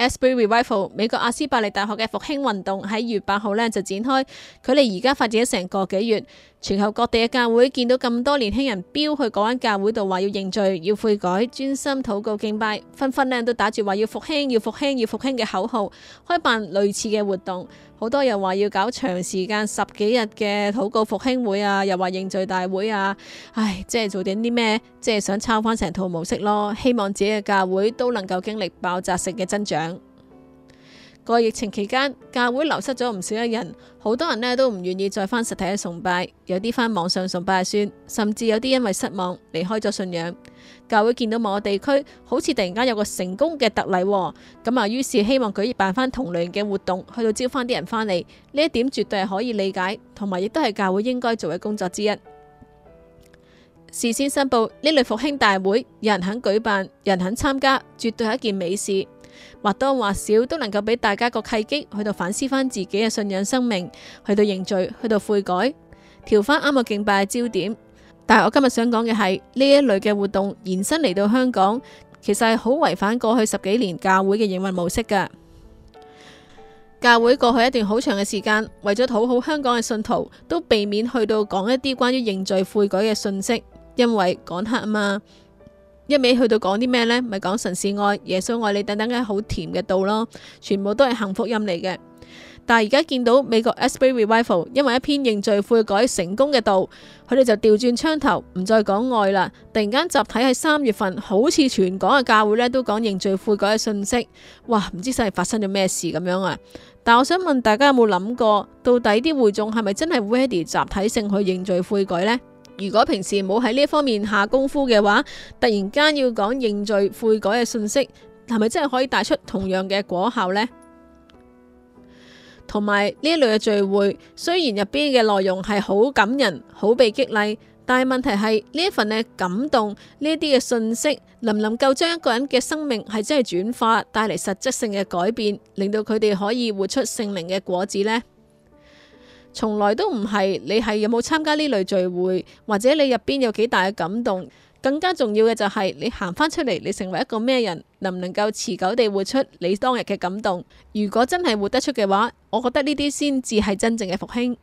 Asbury Revival，美國阿斯伯利大學嘅復興運動喺二月八號咧就展開，距離而家發展咗成個幾月，全球各地嘅教會見到咁多年輕人飆去嗰間教會度話要認罪、要悔改、專心禱告敬拜，紛紛呢都打住話要復興、要復興、要復興嘅口號，開辦類似嘅活動。好多人話要搞長時間十幾日嘅禱告復興會啊，又話認罪大會啊，唉，即係做緊啲咩，即係想抄翻成套模式咯，希望自己嘅教會都能夠經歷爆炸性嘅增長。喺疫情期間，教會流失咗唔少嘅人，好多人呢都唔願意再返實體嘅崇拜，有啲返網上崇拜算，甚至有啲因為失望離開咗信仰。教會見到某個地區好似突然間有個成功嘅特例，咁啊，於是希望舉辦翻同類嘅活動，去到招翻啲人返嚟。呢一點絕對係可以理解，同埋亦都係教會應該做嘅工作之一。事先申報呢類復興大會，有人肯舉辦，人肯參加，絕對係一件美事。或多或少都能夠俾大家個契機去到反思翻自己嘅信仰生命，去到認罪，去到悔改，調翻啱個敬拜嘅焦點。但係我今日想講嘅係呢一類嘅活動延伸嚟到香港，其實係好違反過去十幾年教會嘅營運模式㗎。教會過去一段好長嘅時間，為咗討好香港嘅信徒，都避免去到講一啲關於認罪悔改嘅信息，因為講黑嘛。一味去到講啲咩呢？咪講神是愛，耶穌愛你等等嘅好甜嘅道咯，全部都係幸福音嚟嘅。但係而家見到美國 Asbury Revival 因為一篇認罪悔改成功嘅道，佢哋就調轉槍頭，唔再講愛啦。突然間集體喺三月份，好似全港嘅教會咧都講認罪悔改嘅信息。哇，唔知真係發生咗咩事咁樣啊？但我想問大家有冇諗過，到底啲會眾係咪真係 ready 集體性去認罪悔改呢？如果平時冇喺呢一方面下功夫嘅話，突然間要講認罪悔改嘅信息，係咪真係可以帶出同樣嘅果效呢？同埋呢類嘅聚會，雖然入邊嘅內容係好感人、好被激勵，但係問題係呢一份嘅感動，呢啲嘅信息，能唔能夠將一個人嘅生命係真係轉化，帶嚟實質性嘅改變，令到佢哋可以活出聖靈嘅果子呢？從來都唔係，你係有冇參加呢類聚會，或者你入邊有幾大嘅感動，更加重要嘅就係你行翻出嚟，你成為一個咩人，能唔能夠持久地活出你當日嘅感動？如果真係活得出嘅話，我覺得呢啲先至係真正嘅復興。